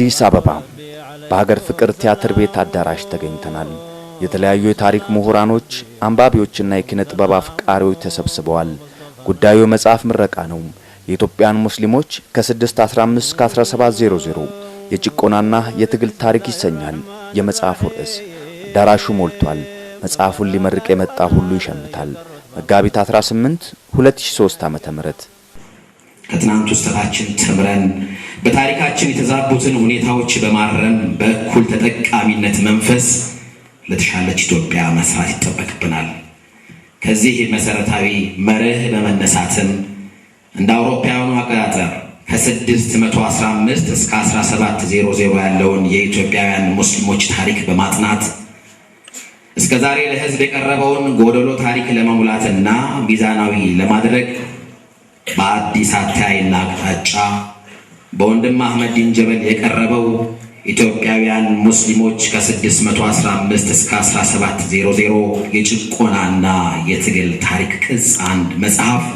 አዲስ አበባ በሀገር ፍቅር ቲያትር ቤት አዳራሽ ተገኝተናል። የተለያዩ የታሪክ ምሁራኖች፣ አንባቢዎችና የኪነ ጥበብ አፍቃሪዎች ተሰብስበዋል። ጉዳዩ የመጽሐፍ ምረቃ ነው። የኢትዮጵያን ሙስሊሞች ከ615 እስከ 1700 የጭቆናና የትግል ታሪክ ይሰኛል የመጽሐፉ ርዕስ። አዳራሹ ሞልቷል። መጽሐፉን ሊመርቅ የመጣ ሁሉ ይሸምታል። መጋቢት 18 2003 ዓ.ም ከትናንቱ ስህተታችን ተምረን በታሪካችን የተዛቡትን ሁኔታዎች በማረም በእኩል ተጠቃሚነት መንፈስ ለተሻለች ኢትዮጵያ መስራት ይጠበቅብናል። ከዚህ መሰረታዊ መርህ በመነሳትም እንደ አውሮፓውያኑ አቆጣጠር ከ615 እስከ 1700 ያለውን የኢትዮጵያውያን ሙስሊሞች ታሪክ በማጥናት እስከ ዛሬ ለሕዝብ የቀረበውን ጎደሎ ታሪክ ለመሙላትና ሚዛናዊ ለማድረግ በአዲስ አተያይና አቅጣጫ በወንድም አህመድ ዲንጀበል የቀረበው ኢትዮጵያውያን ሙስሊሞች ከ615 እስከ 1700 የጭቆናና የትግል ታሪክ ቅጽ አንድ መጽሐፍ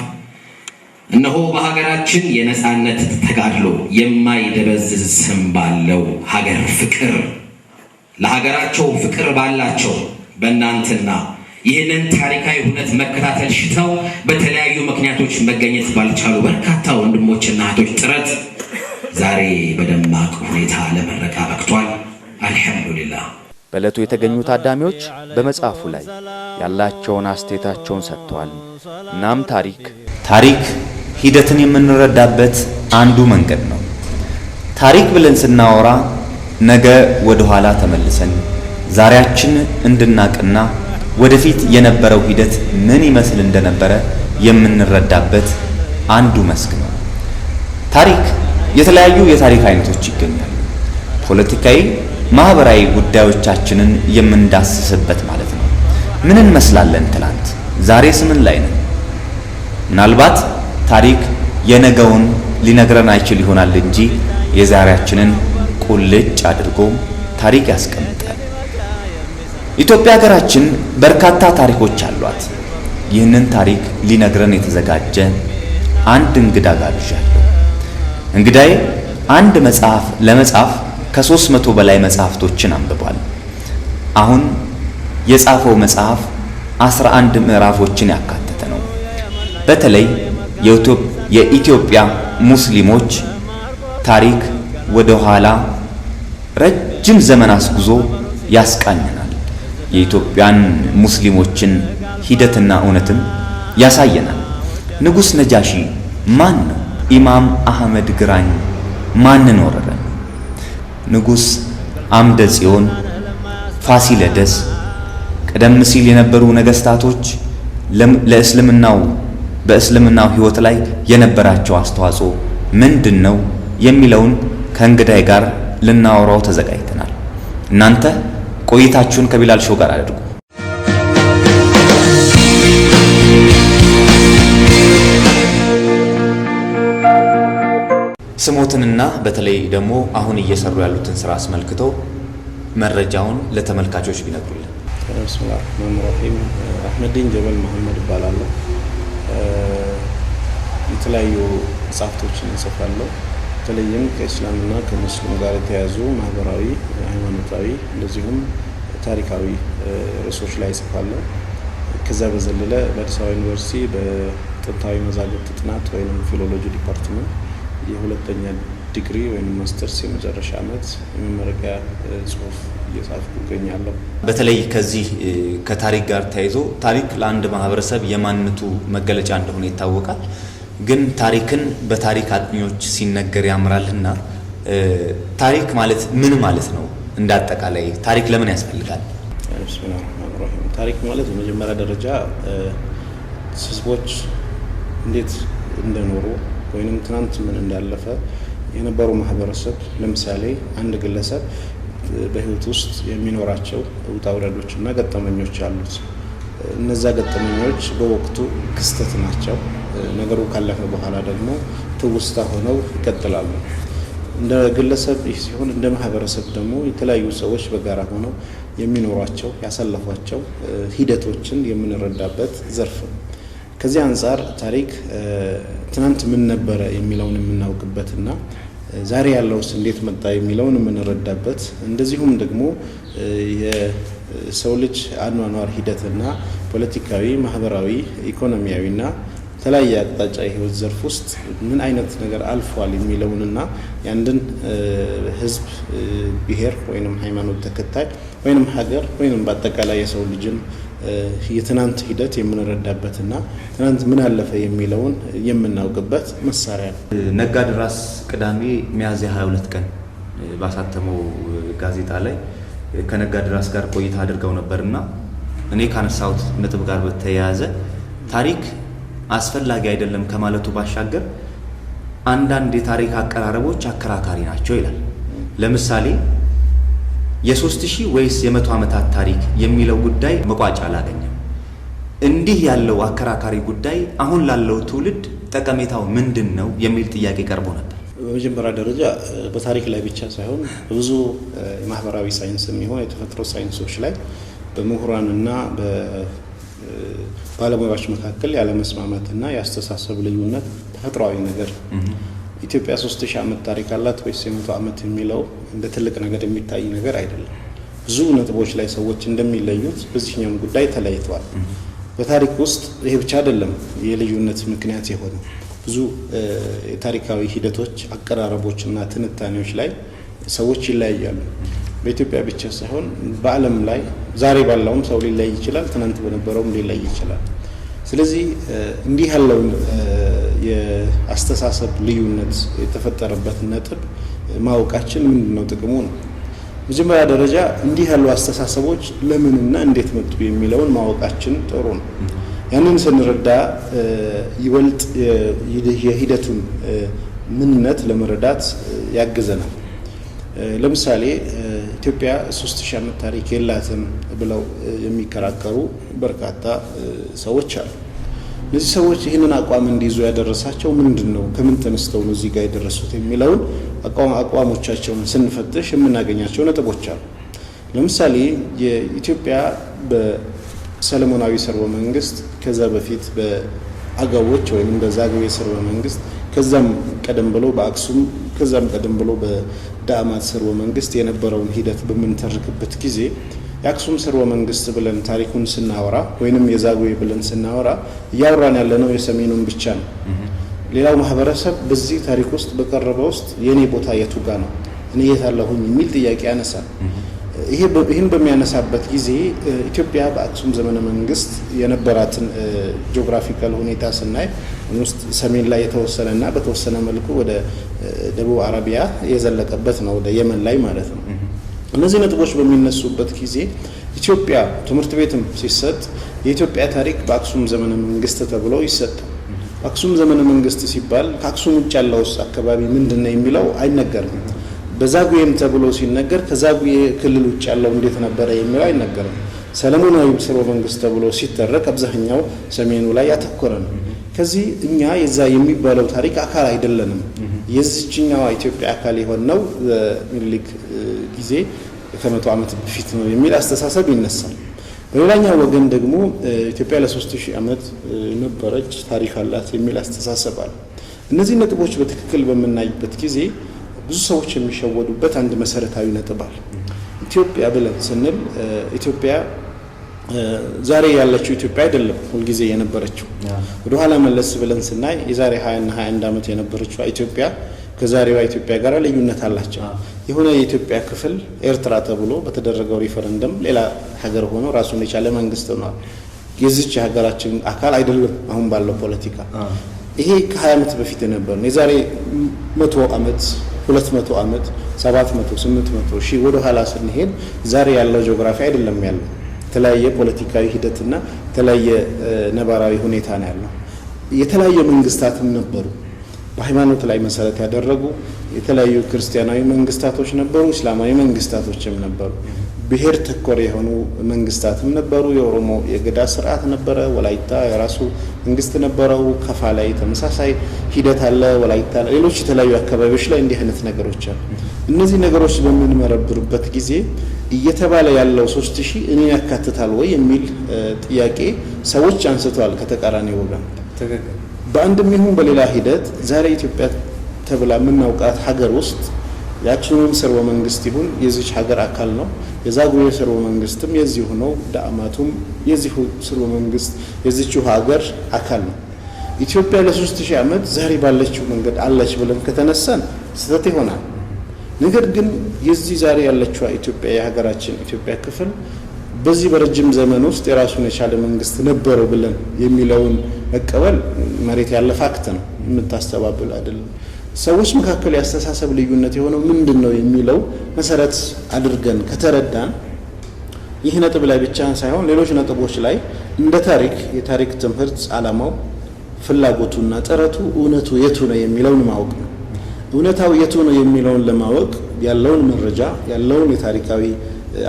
እነሆ በሀገራችን የነፃነት ተጋድሎ የማይደበዝዝ ስም ባለው ሀገር ፍቅር ለሀገራቸው ፍቅር ባላቸው በእናንትና ይህንን ታሪካዊ እውነት መከታተል ሽተው በተለያዩ ምክንያቶች መገኘት ባልቻሉ በርካታ ወንድሞችና እህቶች ጥረት ዛሬ በደማቅ ሁኔታ ለመረቃ በቅቷል። አልሐምዱሊላህ። በዕለቱ የተገኙ ታዳሚዎች በመጽሐፉ ላይ ያላቸውን አስተያየታቸውን ሰጥተዋል። እናም ታሪክ ታሪክ ሂደትን የምንረዳበት አንዱ መንገድ ነው። ታሪክ ብለን ስናወራ ነገ ወደ ኋላ ተመልሰን ዛሬያችን እንድናቅና ወደፊት የነበረው ሂደት ምን ይመስል እንደነበረ የምንረዳበት አንዱ መስክ ነው። ታሪክ የተለያዩ የታሪክ አይነቶች ይገኛሉ። ፖለቲካዊ፣ ማህበራዊ ጉዳዮቻችንን የምንዳስስበት ማለት ነው። ምን እንመስላለን ትላንት? ዛሬስ ምን ላይ ነን? ምናልባት ታሪክ የነገውን ሊነግረን አይችል ይሆናል እንጂ የዛሬያችንን ቁልጭ አድርጎ ታሪክ ያስቀምጣል። ኢትዮጵያ ሀገራችን በርካታ ታሪኮች አሏት። ይህንን ታሪክ ሊነግረን የተዘጋጀ አንድ እንግዳ ጋብዣለሁ። እንግዳዬ አንድ መጽሐፍ ለመጻፍ ከሶስት መቶ በላይ መጽሐፍቶችን አንብቧል። አሁን የጻፈው መጽሐፍ አስራ አንድ ምዕራፎችን ያካተተ ነው። በተለይ የኢትዮጵያ ሙስሊሞች ታሪክ ወደ ኋላ ረጅም ዘመን አስጉዞ ያስቃኝናል። የኢትዮጵያን ሙስሊሞችን ሂደትና እውነትም ያሳየናል። ንጉሥ ነጃሺ ማን ነው? ኢማም አህመድ ግራኝ ማንን ወረረ? ንጉሥ አምደ ጽዮን፣ ፋሲለደስ ቀደም ሲል የነበሩ ነገስታቶች ለእስልምናው በእስልምናው ህይወት ላይ የነበራቸው አስተዋጽኦ ምንድን ነው የሚለውን ከእንግዳይ ጋር ልናወራው ተዘጋጅተናል። እናንተ ቆይታችሁን ከቢላል ሾው ጋር አድርጉ። ስሞትንና በተለይ ደግሞ አሁን እየሰሩ ያሉትን ስራ አስመልክቶ መረጃውን ለተመልካቾች ቢነግሩልን። ብስሚላ ረህማን ራሂም አህመዲን ጀበል መሐመድ እባላለሁ። የተለያዩ መጽሐፍቶችን እንጽፋለሁ። በተለይም ከእስላምና ከሙስሊም ጋር የተያዙ ማህበራዊ፣ ሃይማኖታዊ እንደዚሁም ታሪካዊ ርዕሶች ላይ ጽፋለሁ። ከዚያ በዘለለ በአዲስ አበባ ዩኒቨርሲቲ በጥንታዊ መዛግብት ጥናት ወይም ፊሎሎጂ ዲፓርትመንት የሁለተኛ ዲግሪ ወይም ማስተርስ የመጨረሻ ዓመት የመመረቂያ ጽሁፍ እየጻፍኩ እገኛለሁ። በተለይ ከዚህ ከታሪክ ጋር ተያይዞ ታሪክ ለአንድ ማህበረሰብ የማንነቱ መገለጫ እንደሆነ ይታወቃል። ግን ታሪክን በታሪክ አጥኚዎች ሲነገር ያምራልና ታሪክ ማለት ምን ማለት ነው? እንደ አጠቃላይ ታሪክ ለምን ያስፈልጋል? ታሪክ ማለት በመጀመሪያ ደረጃ ህዝቦች እንዴት እንደኖሩ ወይንም ትናንት ምን እንዳለፈ የነበሩ ማህበረሰብ ለምሳሌ አንድ ግለሰብ በህይወት ውስጥ የሚኖራቸው ውጣ ውረዶች እና ገጠመኞች አሉት። እነዛ ገጠመኞች በወቅቱ ክስተት ናቸው። ነገሩ ካለፈ በኋላ ደግሞ ትውስታ ሆነው ይቀጥላሉ። እንደ ግለሰብ ይህ ሲሆን፣ እንደ ማህበረሰብ ደግሞ የተለያዩ ሰዎች በጋራ ሆነው የሚኖሯቸው ያሳለፏቸው ሂደቶችን የምንረዳበት ዘርፍ ነው። ከዚህ አንጻር ታሪክ ትናንት ምን ነበረ የሚለውን የምናውቅበትና ዛሬ ያለውስ እንዴት መጣ የሚለውን የምንረዳበት እንደዚሁም ደግሞ ሰው ልጅ አኗኗር ሂደትና ፖለቲካዊ፣ ማህበራዊ፣ ኢኮኖሚያዊና የተለያየ አቅጣጫ የህይወት ዘርፍ ውስጥ ምን አይነት ነገር አልፏል የሚለውንና የአንድን ህዝብ ብሔር ወይንም ሃይማኖት ተከታይ ወይንም ሀገር ወይንም በአጠቃላይ የሰው ልጅን የትናንት ሂደት የምንረዳበትና ትናንት ምን አለፈ የሚለውን የምናውቅበት መሳሪያ ነው። ነጋድራስ ቅዳሜ ሚያዝያ 22 ቀን ባሳተመው ጋዜጣ ላይ ከነጋ ድራስ ጋር ቆይታ አድርገው ነበር እና እኔ ካነሳሁት ነጥብ ጋር በተያያዘ ታሪክ አስፈላጊ አይደለም ከማለቱ ባሻገር አንዳንድ የታሪክ አቀራረቦች አከራካሪ ናቸው ይላል። ለምሳሌ የሶስት ሺህ ወይስ የመቶ ዓመታት ታሪክ የሚለው ጉዳይ መቋጫ አላገኘም። እንዲህ ያለው አከራካሪ ጉዳይ አሁን ላለው ትውልድ ጠቀሜታው ምንድን ነው የሚል ጥያቄ ቀርቦ ነበር። በመጀመሪያ ደረጃ በታሪክ ላይ ብቻ ሳይሆን በብዙ የማህበራዊ ሳይንስ የሚሆን የተፈጥሮ ሳይንሶች ላይ በምሁራንና ባለሙያዎች መካከል ያለመስማማትና የአስተሳሰብ ልዩነት ተፈጥሯዊ ነገር ኢትዮጵያ ሶስት ሺህ ዓመት ታሪክ አላት ወይስ የመቶ ዓመት የሚለው እንደ ትልቅ ነገር የሚታይ ነገር አይደለም። ብዙ ነጥቦች ላይ ሰዎች እንደሚለዩት በዚህኛውም ጉዳይ ተለይተዋል። በታሪክ ውስጥ ይሄ ብቻ አይደለም የልዩነት ምክንያት የሆነ ብዙ የታሪካዊ ሂደቶች አቀራረቦች እና ትንታኔዎች ላይ ሰዎች ይለያያሉ። በኢትዮጵያ ብቻ ሳይሆን በዓለም ላይ ዛሬ ባለውም ሰው ሊለይ ይችላል፣ ትናንት በነበረውም ሊለይ ይችላል። ስለዚህ እንዲህ ያለውን የአስተሳሰብ ልዩነት የተፈጠረበት ነጥብ ማወቃችን ምንድን ነው ጥቅሙ ነው። መጀመሪያ ደረጃ እንዲህ ያሉ አስተሳሰቦች ለምንና እንዴት መጡ የሚለውን ማወቃችን ጥሩ ነው። ያንን ስንረዳ ይበልጥ የሂደቱን ምንነት ለመረዳት ያግዘናል። ለምሳሌ ኢትዮጵያ 3000 አመት ዓመት ታሪክ የላትም ብለው የሚከራከሩ በርካታ ሰዎች አሉ። እነዚህ ሰዎች ይህንን አቋም እንዲይዙ ያደረሳቸው ምንድን ነው? ከምን ተነስተው ነው እዚህ ጋር የደረሱት የሚለውን አቋሞቻቸውን ስንፈትሽ የምናገኛቸው ነጥቦች አሉ። ለምሳሌ የኢትዮጵያ ሰለሞናዊ ስርወ መንግስት ከዛ በፊት በአገቦች ወይም በዛግዌ ስርወ መንግስት ከዛም ቀደም ብሎ በአክሱም ከዛም ቀደም ብሎ በዳዕማት ስርወ መንግስት የነበረውን ሂደት በምንተርክበት ጊዜ የአክሱም ስርወ መንግስት ብለን ታሪኩን ስናወራ ወይንም የዛግዌ ብለን ስናወራ እያወራን ያለነው የሰሜኑን ብቻ ነው። ሌላው ማህበረሰብ በዚህ ታሪክ ውስጥ በቀረበ ውስጥ የእኔ ቦታ የቱጋ ነው እኔ የታለሁኝ የሚል ጥያቄ ያነሳል። ይህን በሚያነሳበት ጊዜ ኢትዮጵያ በአክሱም ዘመነ መንግስት የነበራትን ጂኦግራፊካል ሁኔታ ስናይ ውስጥ ሰሜን ላይ የተወሰነና በተወሰነ መልኩ ወደ ደቡብ አረቢያ የዘለቀበት ነው፣ ወደ የመን ላይ ማለት ነው። እነዚህ ነጥቦች በሚነሱበት ጊዜ ኢትዮጵያ ትምህርት ቤትም ሲሰጥ የኢትዮጵያ ታሪክ በአክሱም ዘመነ መንግስት ተብሎ ይሰጣል። አክሱም ዘመነ መንግስት ሲባል ከአክሱም ውጭ ያለውስ አካባቢ ምንድን ነው የሚለው አይነገርም። በዛጉዌም ተብሎ ሲነገር ከዛጉዌ ክልል ውጭ ያለው እንዴት ነበረ የሚለው አይነገርም። ሰለሞናዊ ስርወ መንግስት ተብሎ ሲተረክ አብዛኛው ሰሜኑ ላይ ያተኮረ ነው። ከዚህ እኛ የዛ የሚባለው ታሪክ አካል አይደለንም። የዚችኛዋ ኢትዮጵያ አካል የሆነው ሚኒሊክ ጊዜ ከመቶ ዓመት በፊት ነው የሚል አስተሳሰብ ይነሳል። በሌላኛው ወገን ደግሞ ኢትዮጵያ ለ ሺህ ዓመት ነበረች ታሪክ አላት የሚል አስተሳሰብ አለ። እነዚህ ነጥቦች በትክክል በምናይበት ጊዜ ብዙ ሰዎች የሚሸወዱበት አንድ መሰረታዊ ነጥብ አለ። ኢትዮጵያ ብለን ስንል ኢትዮጵያ ዛሬ ያለችው ኢትዮጵያ አይደለም ሁልጊዜ የነበረችው። ወደኋላ መለስ ብለን ስናይ የዛሬ 20 እና 21 ዓመት የነበረችው ኢትዮጵያ ከዛሬዋ ኢትዮጵያ ጋር ልዩነት አላቸው። የሆነ የኢትዮጵያ ክፍል ኤርትራ ተብሎ በተደረገው ሪፈረንደም ሌላ ሀገር ሆኖ ራሱን የቻለ መንግስት ሆኗል። የዚች የሀገራችን አካል አይደለም አሁን ባለው ፖለቲካ። ይሄ ከ20 ዓመት በፊት የነበር ነው። የዛሬ መቶ ዓመት ሁለት መቶ ዓመት ሰባት መቶ ስምንት መቶ ሺህ ወደ ኋላ ስንሄድ ዛሬ ያለው ጂኦግራፊ አይደለም ያለው። የተለያየ ፖለቲካዊ ሂደትና የተለያየ ነባራዊ ሁኔታ ነው ያለው። የተለያየ መንግስታትም ነበሩ። በሃይማኖት ላይ መሰረት ያደረጉ የተለያዩ ክርስቲያናዊ መንግስታቶች ነበሩ፣ እስላማዊ መንግስታቶችም ነበሩ። ብሔር ተኮር የሆኑ መንግስታትም ነበሩ። የኦሮሞ የገዳ ስርዓት ነበረ። ወላይታ የራሱ መንግስት ነበረው። ከፋ ላይ ተመሳሳይ ሂደት አለ። ወላይታ፣ ሌሎች የተለያዩ አካባቢዎች ላይ እንዲህ አይነት ነገሮች አሉ። እነዚህ ነገሮች በምንመረብርበት ጊዜ እየተባለ ያለው ሶስት ሺህ እኔን ያካትታል ወይ የሚል ጥያቄ ሰዎች አንስተዋል ከተቃራኒ ወገን። በአንድም ይሁን በሌላ ሂደት ዛሬ ኢትዮጵያ ተብላ የምናውቃት ሀገር ውስጥ ያችንም ስርወ መንግስት ይሁን የዚች ሀገር አካል ነው። የዛጉዌ ስርወ መንግስትም የዚሁ ነው። ዳአማቱም የዚሁ ስርወ መንግስት የዚችው ሀገር አካል ነው። ኢትዮጵያ ለሶስት ሺህ ዓመት ዛሬ ባለችው መንገድ አለች ብለን ከተነሳን ስህተት ይሆናል። ነገር ግን የዚህ ዛሬ ያለችዋ ኢትዮጵያ የሀገራችን ኢትዮጵያ ክፍል በዚህ በረጅም ዘመን ውስጥ የራሱን የቻለ መንግስት ነበረው ብለን የሚለውን መቀበል መሬት ያለ ፋክት ነው፣ የምታስተባብል አይደለም። ሰዎች መካከል ያስተሳሰብ ልዩነት የሆነው ምንድን ነው የሚለው መሰረት አድርገን ከተረዳን ይህ ነጥብ ላይ ብቻ ሳይሆን ሌሎች ነጥቦች ላይ እንደ ታሪክ የታሪክ ትምህርት ዓላማው ፍላጎቱና ጥረቱ እውነቱ የቱ ነው የሚለውን ማወቅ ነው። እውነታው የቱ ነው የሚለውን ለማወቅ ያለውን መረጃ ያለውን የታሪካዊ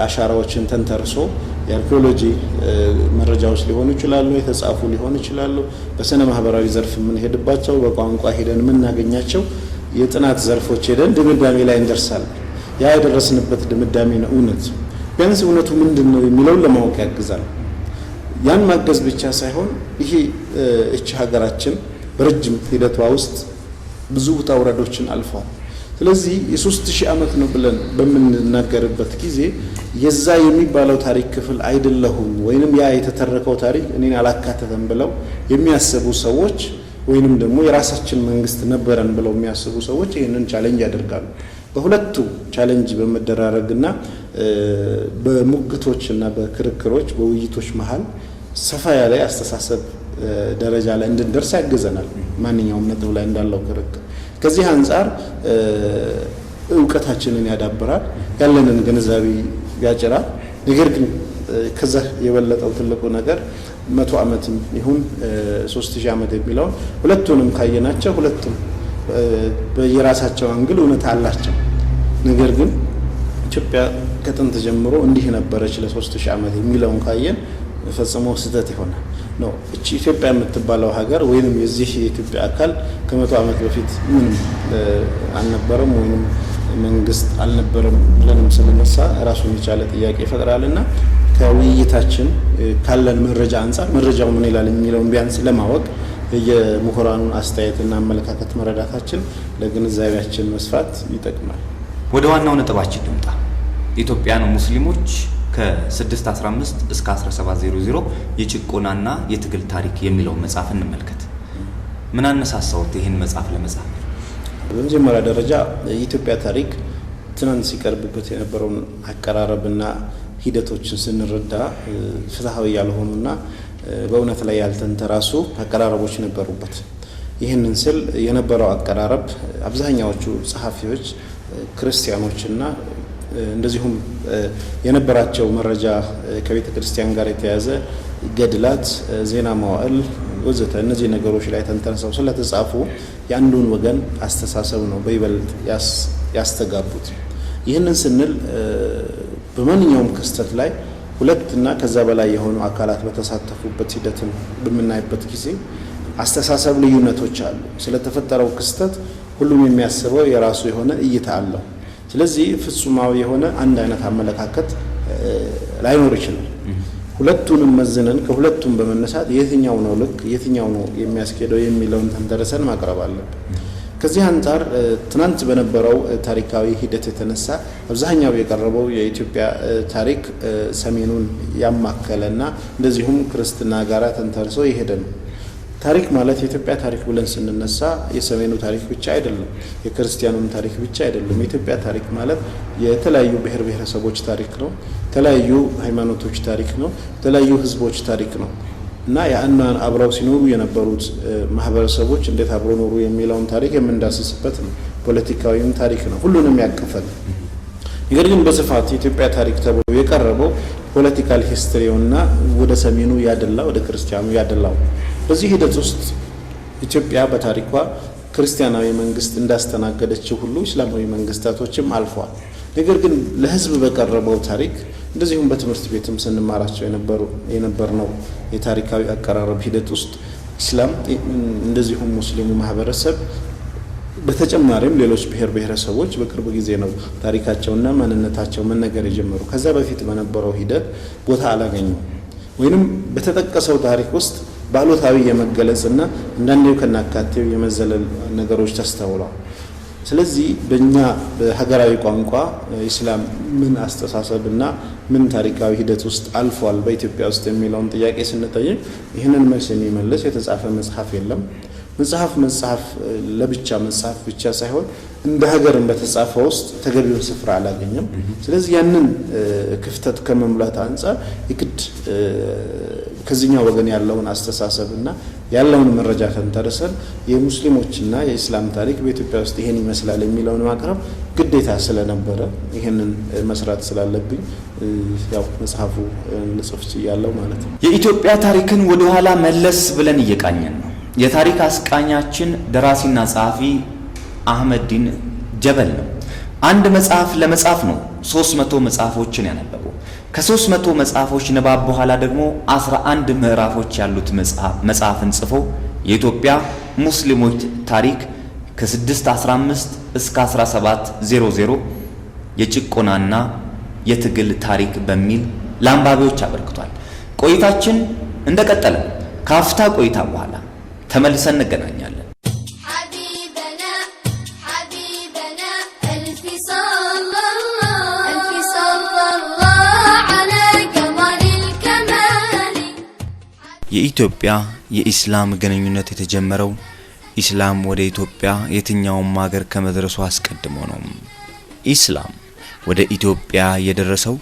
አሻራዎችን ተንተርሶ የአርኪኦሎጂ መረጃዎች ሊሆኑ ይችላሉ፣ የተጻፉ ሊሆኑ ይችላሉ። በስነ ማህበራዊ ዘርፍ የምንሄድባቸው በቋንቋ ሄደን የምናገኛቸው የጥናት ዘርፎች ሄደን ድምዳሜ ላይ እንደርሳለን። ያ የደረስንበት ድምዳሜ ነው እውነት ቢያንስ እውነቱ ምንድን ነው የሚለውን ለማወቅ ያግዛል። ያን ማገዝ ብቻ ሳይሆን ይሄ እቺ ሀገራችን በረጅም ሂደቷ ውስጥ ብዙ ውጣ ውረዶችን አልፏል? ስለዚህ የሶስት ሺህ ዓመት ነው ብለን በምንናገርበት ጊዜ የዛ የሚባለው ታሪክ ክፍል አይደለሁም ወይንም ያ የተተረከው ታሪክ እኔን አላካተተም ብለው የሚያስቡ ሰዎች ወይንም ደግሞ የራሳችን መንግስት ነበረን ብለው የሚያስቡ ሰዎች ይህንን ቻለንጅ ያደርጋሉ። በሁለቱ ቻለንጅ በመደራረግና በሙግቶች እና በክርክሮች በውይይቶች መሀል ሰፋ ያለ አስተሳሰብ ደረጃ ላይ እንድንደርስ ያግዘናል። ማንኛውም ነጥብ ላይ እንዳለው ክርክር ከዚህ አንጻር እውቀታችንን ያዳብራል፣ ያለንን ግንዛቤ ያጭራል። ነገር ግን ከዛ የበለጠው ትልቁ ነገር መቶ ዓመትም ይሁን ሶስት ሺህ ዓመት የሚለውን ሁለቱንም ካየናቸው ሁለቱም በየራሳቸው አንግል እውነት አላቸው። ነገር ግን ኢትዮጵያ ከጥንት ጀምሮ እንዲህ ነበረች ለሶስት ሺህ ዓመት የሚለውን ካየን ፈጽሞ ስህተት የሆነ ነው። እቺ ኢትዮጵያ የምትባለው ሀገር ወይም የዚህ የኢትዮጵያ አካል ከመቶ ዓመት በፊት ምንም አልነበረም ወይም መንግስት አልነበረም ብለንም ስንነሳ ራሱን የቻለ ጥያቄ ይፈጥራል እና ከውይይታችን ካለን መረጃ አንጻር መረጃው ምን ይላል የሚለውን ቢያንስ ለማወቅ የምሁራኑን አስተያየትና አመለካከት መረዳታችን ለግንዛቤያችን መስፋት ይጠቅማል። ወደ ዋናው ነጥባችን ልምጣ። ኢትዮጵያን ሙስሊሞች ከ615 እስከ 1700 የጭቆናና የትግል ታሪክ የሚለውን መጽሐፍ እንመልከት። ምን አነሳሳውት ይህን መጽሐፍ ለመጻፍ? በመጀመሪያ ደረጃ የኢትዮጵያ ታሪክ ትናንት ሲቀርብበት የነበረውን አቀራረብና ሂደቶችን ስንረዳ ፍትሐዊ ያልሆኑና በእውነት ላይ ያልተንተራሱ አቀራረቦች ነበሩበት። ይህንን ስል የነበረው አቀራረብ አብዛኛዎቹ ጸሐፊዎች ክርስቲያኖችና እንደዚሁም የነበራቸው መረጃ ከቤተ ክርስቲያን ጋር የተያያዘ ገድላት፣ ዜና መዋዕል ወዘተ እነዚህ ነገሮች ላይ ተንተርሰው ስለተጻፉ የአንዱን ወገን አስተሳሰብ ነው በይበልጥ ያስተጋቡት። ይህንን ስንል በማንኛውም ክስተት ላይ ሁለት እና ከዛ በላይ የሆኑ አካላት በተሳተፉበት ሂደትን በምናይበት ጊዜ አስተሳሰብ ልዩነቶች አሉ። ስለተፈጠረው ክስተት ሁሉም የሚያስበው የራሱ የሆነ እይታ አለው። ስለዚህ ፍጹማዊ የሆነ አንድ አይነት አመለካከት ላይኖር ይችላል። ሁለቱንም መዝነን ከሁለቱም በመነሳት የትኛው ነው ልክ የትኛው ነው የሚያስኬደው የሚለውን ተንተርሰን ማቅረብ አለብን። ከዚህ አንጻር ትናንት በነበረው ታሪካዊ ሂደት የተነሳ አብዛኛው የቀረበው የኢትዮጵያ ታሪክ ሰሜኑን ያማከለና እንደዚሁም ክርስትና ጋራ ተንተርሶ የሄደ ነው። ታሪክ ማለት የኢትዮጵያ ታሪክ ብለን ስንነሳ የሰሜኑ ታሪክ ብቻ አይደለም፣ የክርስቲያኑም ታሪክ ብቻ አይደለም። የኢትዮጵያ ታሪክ ማለት የተለያዩ ብሔር ብሔረሰቦች ታሪክ ነው፣ የተለያዩ ሃይማኖቶች ታሪክ ነው፣ የተለያዩ ህዝቦች ታሪክ ነው እና ያእናን አብረው ሲኖሩ የነበሩት ማህበረሰቦች እንዴት አብረው ኖሩ የሚለውን ታሪክ የምንዳስስበት ነው። ፖለቲካዊም ታሪክ ነው፣ ሁሉንም ያቀፈል። ነገር ግን በስፋት የኢትዮጵያ ታሪክ ተብሎ የቀረበው ፖለቲካል ሂስትሪውና ወደ ሰሜኑ ያደላ ወደ ክርስቲያኑ ያደላው በዚህ ሂደት ውስጥ ኢትዮጵያ በታሪኳ ክርስቲያናዊ መንግስት እንዳስተናገደችው ሁሉ እስላማዊ መንግስታቶችም አልፏል። ነገር ግን ለህዝብ በቀረበው ታሪክ እንደዚሁም በትምህርት ቤትም ስንማራቸው ነው የታሪካዊ አቀራረብ ሂደት ውስጥ ኢስላም እንደዚሁም ሙስሊሙ ማህበረሰብ በተጨማሪም ሌሎች ብሔር ብሔረሰቦች በቅርብ ጊዜ ነው ታሪካቸውና ማንነታቸው መነገር የጀመሩ። ከዛ በፊት በነበረው ሂደት ቦታ አላገኙም ወይንም በተጠቀሰው ታሪክ ውስጥ ባሉታዊ የመገለጽና እንዳንዴው ከናካቴው የመዘለል ነገሮች ተስተውለዋል። ስለዚህ በእኛ በሀገራዊ ቋንቋ ኢስላም ምን አስተሳሰብና ምን ታሪካዊ ሂደት ውስጥ አልፏል በኢትዮጵያ ውስጥ የሚለውን ጥያቄ ስንጠይቅ ይህንን መልስ የሚመልስ የተጻፈ መጽሐፍ የለም። መጽሐፍ መጽሐፍ ለብቻ መጽሐፍ ብቻ ሳይሆን እንደ ሀገርም በተጻፈ ውስጥ ተገቢውን ስፍራ አላገኘም። ስለዚህ ያንን ክፍተት ከመሙላት አንጻር የግድ ከዚህኛው ወገን ያለውን አስተሳሰብና ያለውን መረጃ ተንተርሰን የሙስሊሞችና የእስላም ታሪክ በኢትዮጵያ ውስጥ ይሄን ይመስላል የሚለውን ማቅረብ ግዴታ ስለነበረ ይህንን መስራት ስላለብኝ ያው መጽሐፉ ልጽፍ ያለው ማለት ነው። የኢትዮጵያ ታሪክን ወደኋላ መለስ ብለን እየቃኘን ነው። የታሪክ አስቃኛችን ደራሲና ጸሐፊ አህመዲን ጀበል ነው። አንድ መጽሐፍ ለመጻፍ ነው 300 መቶ መጽሐፎችን ያነበበው። ከ መቶ መጽሐፎች ንባብ በኋላ ደግሞ 11 ምዕራፎች ያሉት መጽሐፍን ጽፎ የኢትዮጵያ ሙስሊሞች ታሪክ ከ615 እስከ 1700 የጭቆናና የትግል ታሪክ በሚል ለአንባቢዎች አበርክቷል። ቆይታችን እንደቀጠለ ከአፍታ ቆይታ በኋላ ተመልሰን እንገናኛለን። የኢትዮጵያ የኢስላም ግንኙነት የተጀመረው ኢስላም ወደ ኢትዮጵያ የትኛውም ሀገር ከመድረሱ አስቀድሞ ነው። ኢስላም ወደ ኢትዮጵያ የደረሰው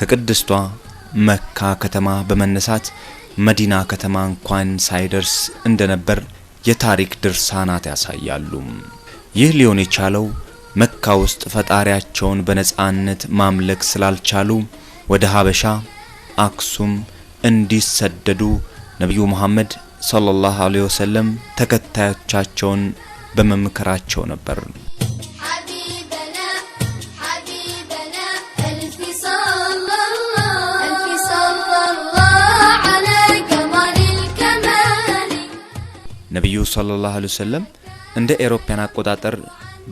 ከቅድስቷ መካ ከተማ በመነሳት መዲና ከተማ እንኳን ሳይደርስ እንደነበር የታሪክ ድርሳናት ያሳያሉ። ይህ ሊሆን የቻለው መካ ውስጥ ፈጣሪያቸውን በነጻነት ማምለክ ስላልቻሉ ወደ ሀበሻ አክሱም እንዲሰደዱ ነቢዩ መሐመድ ሰለላሁ ዐለይሂ ወሰለም ተከታዮቻቸውን በመምከራቸው ነበር። ነቢዩ ሰለላሁ ዐለይሂ ወሰለም እንደ ኤሮፓያን አቆጣጠር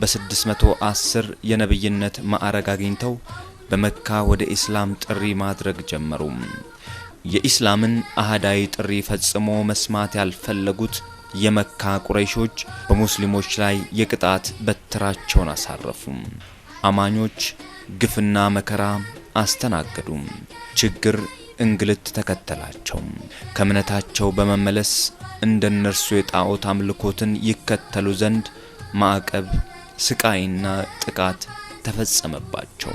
በ610 የነብይነት ማዕረግ አግኝተው በመካ ወደ ኢስላም ጥሪ ማድረግ ጀመሩ። የኢስላምን አህዳዊ ጥሪ ፈጽሞ መስማት ያልፈለጉት የመካ ቁረይሾች በሙስሊሞች ላይ የቅጣት በትራቸውን አሳረፉ። አማኞች ግፍና መከራ አስተናገዱም። ችግር፣ እንግልት ተከተላቸው። ከእምነታቸው በመመለስ እንደነርሱ የጣዖት አምልኮትን ይከተሉ ዘንድ ማዕቀብ፣ ስቃይና ጥቃት ተፈጸመባቸው።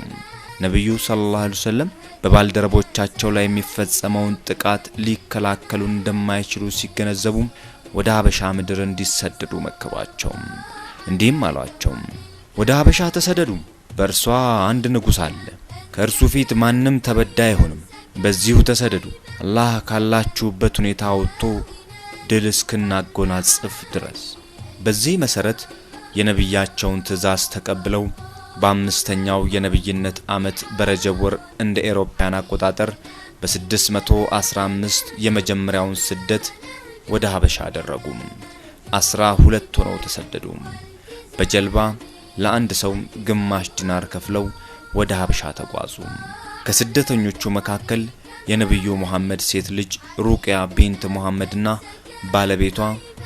ነቢዩ ሰለላሁ ዐለይሂ ወሰለም በባልደረቦቻቸው ላይ የሚፈጸመውን ጥቃት ሊከላከሉ እንደማይችሉ ሲገነዘቡም ወደ ሀበሻ ምድር እንዲሰደዱ መከሯቸው። እንዲህም አሏቸው፣ ወደ ሀበሻ ተሰደዱ። በእርሷ አንድ ንጉሥ አለ። ከእርሱ ፊት ማንም ተበዳ አይሆንም። በዚሁ ተሰደዱ። አላህ ካላችሁበት ሁኔታ ወጥቶ ድል እስክናጎናጽፍ ድረስ። በዚህ መሠረት የነቢያቸውን ትእዛዝ ተቀብለው በአምስተኛው የነቢይነት ዓመት በረጀብ ወር እንደ ኤሮፓያን አቆጣጠር በ615 የመጀመሪያውን ስደት ወደ ሀበሻ አደረጉም። አስራ ሁለት ሆነው ተሰደዱ። በጀልባ ለአንድ ሰው ግማሽ ዲናር ከፍለው ወደ ሀበሻ ተጓዙ። ከስደተኞቹ መካከል የነቢዩ መሐመድ ሴት ልጅ ሩቅያ ቢንት መሐመድና ባለቤቷ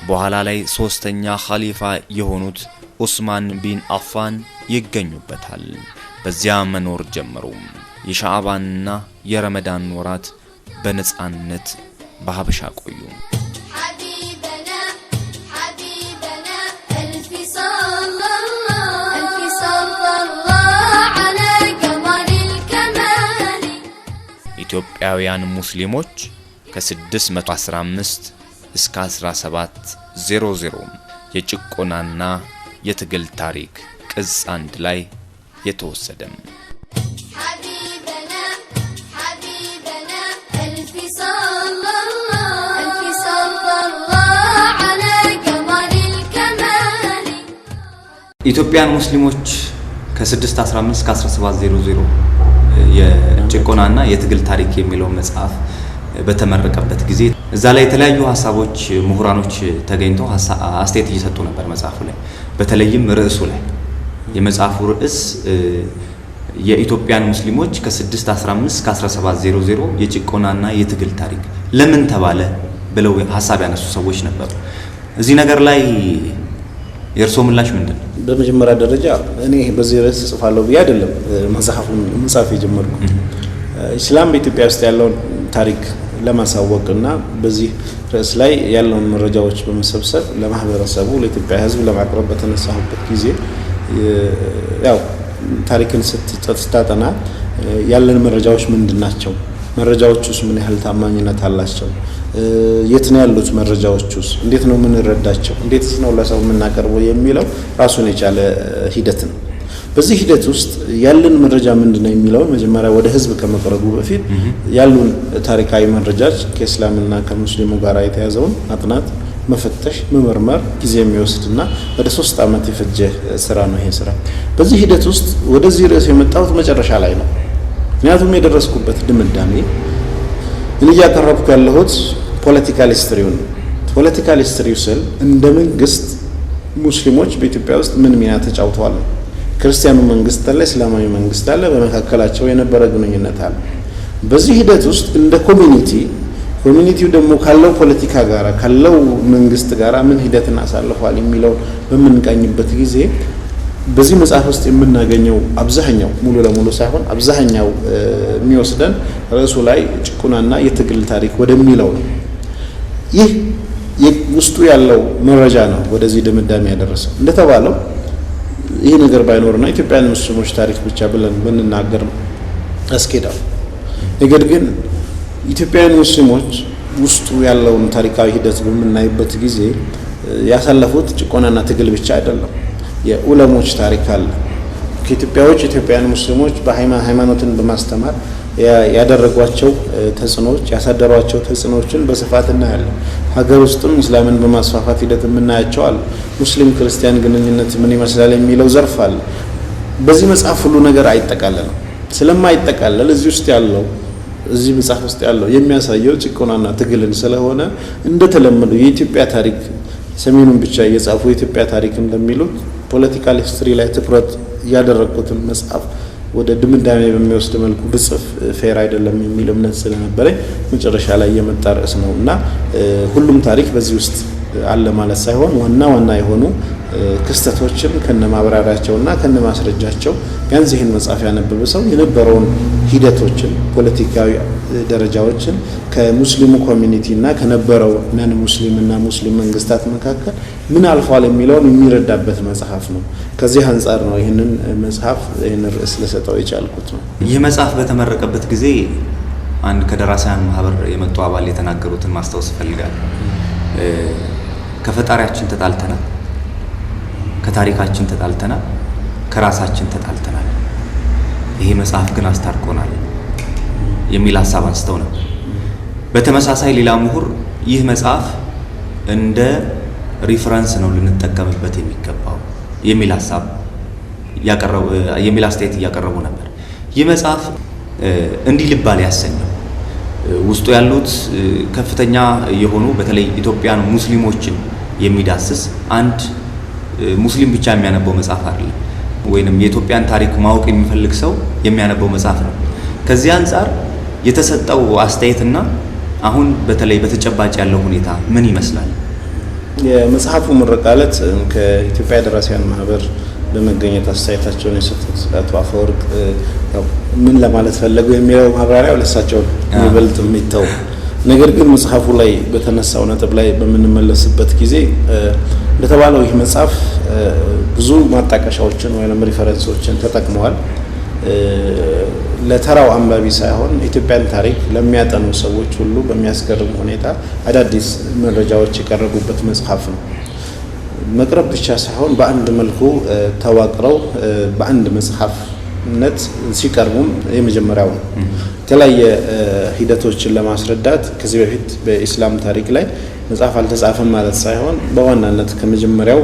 በኋላ ላይ ሦስተኛ ኻሊፋ የሆኑት ዑስማን ቢን አፋን ይገኙበታል። በዚያ መኖር ጀመሩ። የሻዕባንና የረመዳን ወራት በነፃነት በሀበሻ ቆዩ። ኢትዮጵያውያን ሙስሊሞች ከ615 እስከ 1700 የጭቆናና የትግል ታሪክ ቅጽ አንድ ላይ የተወሰደም ኢትዮጵያን ሙስሊሞች ከ615 እስከ 1700 የጭቆናና የትግል ታሪክ የሚለው መጽሐፍ በተመረቀበት ጊዜ እዛ ላይ የተለያዩ ሀሳቦች ምሁራኖች ተገኝተው አስተያየት እየሰጡ ነበር መጽሐፉ ላይ በተለይም ርዕሱ ላይ የመጽሐፉ ርዕስ የኢትዮጵያን ሙስሊሞች ከ615 ከ 1700 የጭቆናና የትግል ታሪክ ለምን ተባለ ብለው ሀሳብ ያነሱ ሰዎች ነበሩ። እዚህ ነገር ላይ የእርስዎ ምላሽ ምንድን ነው? በመጀመሪያ ደረጃ እኔ በዚህ ርዕስ እጽፋለሁ ብዬ አይደለም መጽሐፉን መጽሐፍ የጀመርኩት። ኢስላም በኢትዮጵያ ውስጥ ያለውን ታሪክ ለማሳወቅና በዚህ ርዕስ ላይ ያለውን መረጃዎች በመሰብሰብ ለማህበረሰቡ ለኢትዮጵያ ሕዝብ ለማቅረብ በተነሳሁበት ጊዜ ያው ታሪክን ስታጠና ያለን መረጃዎች ምንድን ናቸው? መረጃዎቹስ ምን ያህል ታማኝነት አላቸው? የት ነው ያሉት? መረጃዎቹስ እንዴት ነው የምንረዳቸው? እንዴትስ ነው ለሰው የምናቀርበው የሚለው ራሱን የቻለ ሂደት ነው። በዚህ ሂደት ውስጥ ያለን መረጃ ምንድን ነው መጀመሪያ ወደ ህዝብ ከመቅረቡ በፊት ያሉን ታሪካዊ መረጃዎች ከእስላምና ከሙስሊሙ ጋር የተያዘውን ማጥናት፣ መፈተሽ፣ መመርመር ጊዜ የሚወስድና ወደ ሶስት ዓመት የፈጀ ስራ ነው ይሄ ስራ። በዚህ ሂደት ውስጥ ወደዚህ ርዕስ የመጣሁት መጨረሻ ላይ ነው። ምክንያቱም የደረስኩበት ድምዳሜ እኔ እያቀረብኩ ያለሁት ፖለቲካል ሂስትሪው ነው። ፖለቲካል ሂስትሪው ስል እንደ መንግስት ሙስሊሞች በኢትዮጵያ ውስጥ ምን ሚና ተጫውተዋል ነው ክርስቲያኑ መንግስት አለ፣ እስላማዊ መንግስት አለ፣ በመካከላቸው የነበረ ግንኙነት አለ። በዚህ ሂደት ውስጥ እንደ ኮሚኒቲ ኮሚኒቲው ደግሞ ካለው ፖለቲካ ጋር ካለው መንግስት ጋር ምን ሂደትን አሳልፏል የሚለው በምንቃኝበት ጊዜ በዚህ መጽሐፍ ውስጥ የምናገኘው አብዛኛው ሙሉ ለሙሉ ሳይሆን አብዛኛው የሚወስደን ርዕሱ ላይ ጭቁናና የትግል ታሪክ ወደሚለው ነው። ይህ ውስጡ ያለው መረጃ ነው ወደዚህ ድምዳሜ ያደረሰው እንደተባለው ይህ ነገር ባይኖርና ኢትዮጵያን ሙስሊሞች ታሪክ ብቻ ብለን ብንናገር ያስኬዳል። ነገር ግን ኢትዮጵያውያን ሙስሊሞች ውስጡ ያለውን ታሪካዊ ሂደት በምናይበት ጊዜ ያሳለፉት ጭቆናና ትግል ብቻ አይደለም። የኡለሞች ታሪክ አለ። ከኢትዮጵያዎች ውጭ ኢትዮጵያውያን ሙስሊሞች በሃይማኖትን በማስተማር ያደረጓቸው ተጽዕኖዎች ያሳደሯቸው ተጽዕኖዎችን በስፋት እናያለን። ሀገር ውስጥም እስላምን በማስፋፋት ሂደት የምናያቸው አለ። ሙስሊም ክርስቲያን ግንኙነት ምን ይመስላል የሚለው ዘርፍ አለ። በዚህ መጽሐፍ ሁሉ ነገር አይጠቃለልም። ስለማይጠቃለል እዚህ ውስጥ ያለው እዚህ መጽሐፍ ውስጥ ያለው የሚያሳየው ጭቆናና ትግልን ስለሆነ እንደተለመደው የኢትዮጵያ ታሪክ ሰሜኑን ብቻ እየጻፉ የኢትዮጵያ ታሪክ እንደሚሉት ፖለቲካል ሂስትሪ ላይ ትኩረት እያደረግኩትን መጽሐፍ ወደ ድምዳሜ በሚወስድ መልኩ ብጽፍ ፌር አይደለም የሚል እምነት ስለነበረኝ መጨረሻ ላይ የመጣ ርዕስ ነው እና ሁሉም ታሪክ በዚህ ውስጥ አለ ማለት ሳይሆን ዋና ዋና የሆኑ ክስተቶችን ከነ እና ከነ ማስረጃቸው ቢያንስ ይህን መጽሐፍ ያነበበ ሰው የነበረውን ሂደቶችን፣ ፖለቲካዊ ደረጃዎችን ከሙስሊሙ እና ከነበረው ነን እና ሙስሊም መንግስታት መካከል ምን አልፏል የሚለውን የሚረዳበት መጽሐፍ ነው። ከዚህ አንጻር ነው ይህንን መጽሐፍ ይህን ርዕስ ልሰጠው የቻልኩት ነው። ይህ መጽሐፍ በተመረቀበት ጊዜ አንድ ከደራሲያን ማህበር የመጡ አባል የተናገሩትን ማስታወስ እፈልጋለሁ። ከፈጣሪያችን ተጣልተናል፣ ከታሪካችን ተጣልተናል፣ ከራሳችን ተጣልተናል። ይሄ መጽሐፍ ግን አስታርቆናል የሚል ሀሳብ አንስተው ነበር። በተመሳሳይ ሌላ ምሁር ይህ መጽሐፍ እንደ ሪፈረንስ ነው ልንጠቀምበት የሚገባው የሚል ሀሳብ የሚል አስተያየት እያቀረቡ ነበር። ይህ መጽሐፍ እንዲህ ልባል ያሰኘው ውስጡ ያሉት ከፍተኛ የሆኑ በተለይ ኢትዮጵያን ሙስሊሞችን የሚዳስስ አንድ ሙስሊም ብቻ የሚያነበው መጽሐፍ አይደለም፣ ወይንም የኢትዮጵያን ታሪክ ማወቅ የሚፈልግ ሰው የሚያነበው መጽሐፍ ነው። ከዚህ አንጻር የተሰጠው አስተያየትና አሁን በተለይ በተጨባጭ ያለው ሁኔታ ምን ይመስላል? የመጽሐፉ ምረቃ ከኢትዮጵያ ደራሲያን ማህበር በመገኘት አስተያየታቸውን የሰጡት አቶ አፈወርቅ ምን ለማለት ፈለጉ የሚለው ማብራሪያ ለሳቸው ይበልጥ የሚተው ነገር ግን መጽሐፉ ላይ በተነሳው ነጥብ ላይ በምንመለስበት ጊዜ እንደተባለው ይህ መጽሐፍ ብዙ ማጣቀሻዎችን ወይም ሪፈረንሶችን ተጠቅመዋል። ለተራው አንባቢ ሳይሆን ኢትዮጵያን ታሪክ ለሚያጠኑ ሰዎች ሁሉ በሚያስገርም ሁኔታ አዳዲስ መረጃዎች የቀረቡበት መጽሐፍ ነው። መቅረብ ብቻ ሳይሆን በአንድ መልኩ ተዋቅረው በአንድ መጽሐፍ ነት ሲቀርቡም የመጀመሪያው ነው። የተለያየ ሂደቶችን ለማስረዳት ከዚህ በፊት በኢስላም ታሪክ ላይ መጽሐፍ አልተጻፈም ማለት ሳይሆን በዋናነት ከመጀመሪያው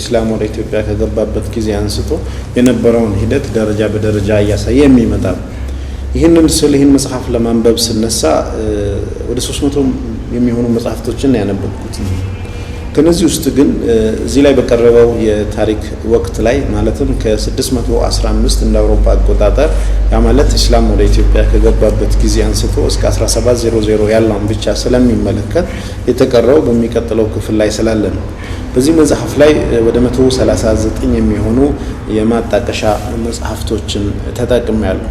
ኢስላም ወደ ኢትዮጵያ ከገባበት ጊዜ አንስቶ የነበረውን ሂደት ደረጃ በደረጃ እያሳየ የሚመጣ ነው። ይህንን ስል ይህን መጽሐፍ ለማንበብ ስነሳ ወደ ሶስት መቶ የሚሆኑ መጽሐፍቶችን ያነበብኩት ከነዚህ ውስጥ ግን እዚህ ላይ በቀረበው የታሪክ ወቅት ላይ ማለትም ከ615 እንደ አውሮፓ አቆጣጠር ያ ማለት እስላም ወደ ኢትዮጵያ ከገባበት ጊዜ አንስቶ እስከ 1700 ያለውን ብቻ ስለሚመለከት የተቀረው በሚቀጥለው ክፍል ላይ ስላለ ነው። በዚህ መጽሐፍ ላይ ወደ 139 የሚሆኑ የማጣቀሻ መጽሐፍቶችን ተጠቅሜያለሁ።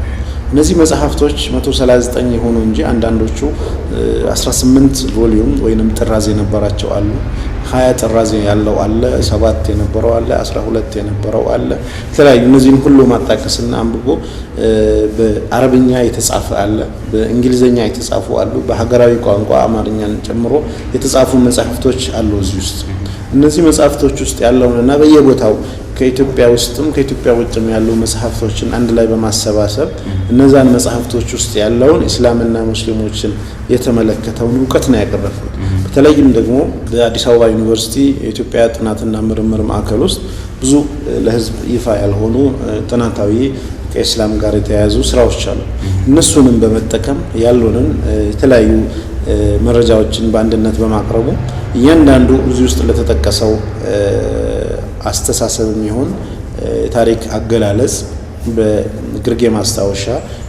እነዚህ መጽሐፍቶች 139 የሆኑ እንጂ አንዳንዶቹ 18 ቮሊዩም ወይንም ጥራዝ የነበራቸው አሉ። ሀያ ጥራዝ ያለው አለ፣ ሰባት የነበረው አለ፣ አስራ ሁለት የነበረው አለ። የተለያዩ እነዚህን ሁሉ ማጣቀስና አንብቦ በአረብኛ የተጻፈ አለ፣ በእንግሊዝኛ የተጻፉ አሉ፣ በሀገራዊ ቋንቋ አማርኛን ጨምሮ የተጻፉ መጽሐፍቶች አሉ እዚህ ውስጥ። እነዚህ መጽሐፍቶች ውስጥ ያለውንና በየቦታው ከኢትዮጵያ ውስጥም ከኢትዮጵያ ውጭም ያሉ መጽሐፍቶችን አንድ ላይ በማሰባሰብ እነዛን መጽሐፍቶች ውስጥ ያለውን እስላምና ሙስሊሞችን የተመለከተውን እውቀት ነው ያቀረብኩት። በተለይም ደግሞ በአዲስ አበባ ዩኒቨርሲቲ የኢትዮጵያ ጥናትና ምርምር ማዕከል ውስጥ ብዙ ለህዝብ ይፋ ያልሆኑ ጥናታዊ ከእስላም ጋር የተያያዙ ስራዎች አሉ። እነሱንም በመጠቀም ያሉንን የተለያዩ መረጃዎችን በአንድነት በማቅረቡ እያንዳንዱ እዚህ ውስጥ ለተጠቀሰው አስተሳሰብ የሚሆን የታሪክ አገላለጽ በግርጌ ማስታወሻ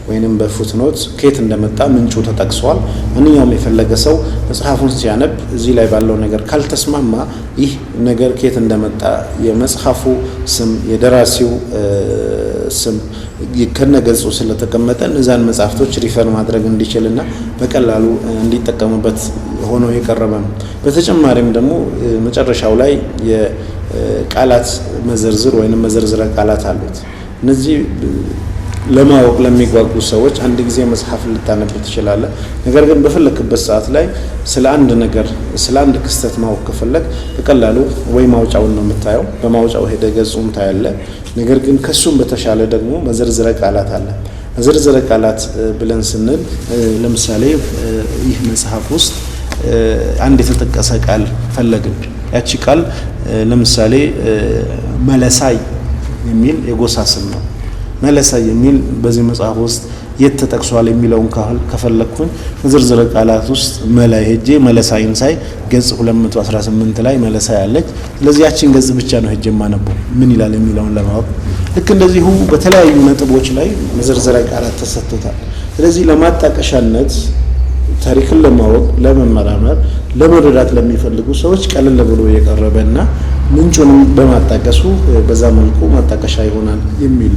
ወይንም በፉትኖት ከየት እንደመጣ ምንጩ ተጠቅሷል። ማንኛውም የፈለገ ሰው መጽሐፉን ሲያነብ እዚህ ላይ ባለው ነገር ካልተስማማ ይህ ነገር ከየት እንደመጣ የመጽሐፉ ስም የደራሲው ስም ከነገጹ ስለተቀመጠ እነዛን መጽሐፍቶች ሪፈር ማድረግ እንዲችልና በቀላሉ እንዲጠቀሙበት ሆኖ የቀረበ ነው። በተጨማሪም ደግሞ መጨረሻው ላይ የቃላት መዘርዝር ወይም መዘርዝረ ቃላት አሉት እነዚህ ለማወቅ ለሚጓጉ ሰዎች አንድ ጊዜ መጽሐፍ ልታነብ ትችላለህ። ነገር ግን በፈለክበት ሰዓት ላይ ስለ አንድ ነገር ስለ አንድ ክስተት ማወቅ ከፈለግ በቀላሉ ወይ ማውጫውን ነው የምታየው፣ በማውጫው ሄደ ገጹም ታያለ። ነገር ግን ከሱም በተሻለ ደግሞ መዘርዝረ ቃላት አለ። መዘርዝረ ቃላት ብለን ስንል ለምሳሌ ይህ መጽሐፍ ውስጥ አንድ የተጠቀሰ ቃል ፈለግን። ያቺ ቃል ለምሳሌ መለሳይ የሚል የጎሳ ስም ነው። መለሳ የሚል በዚህ መጽሐፍ ውስጥ የት ተጠቅሷል የሚለውን ካህል ከፈለግኩኝ ዝርዝር ቃላት ውስጥ መላ ሄጄ መለሳይን ሳይ ገጽ 218 ላይ መለሳ ያለች። ስለዚህ ያችን ገጽ ብቻ ነው ሄጄ የማነበው ምን ይላል የሚለውን ለማወቅ። ልክ እንደዚሁ በተለያዩ ነጥቦች ላይ መዘርዘሪያ ቃላት ተሰጥቶታል። ስለዚህ ለማጣቀሻነት ታሪክን ለማወቅ፣ ለመመራመር፣ ለመረዳት ለሚፈልጉ ሰዎች ቀለል ብሎ የቀረበ እና ምንጩንም በማጣቀሱ በዛ መልኩ ማጣቀሻ ይሆናል የሚል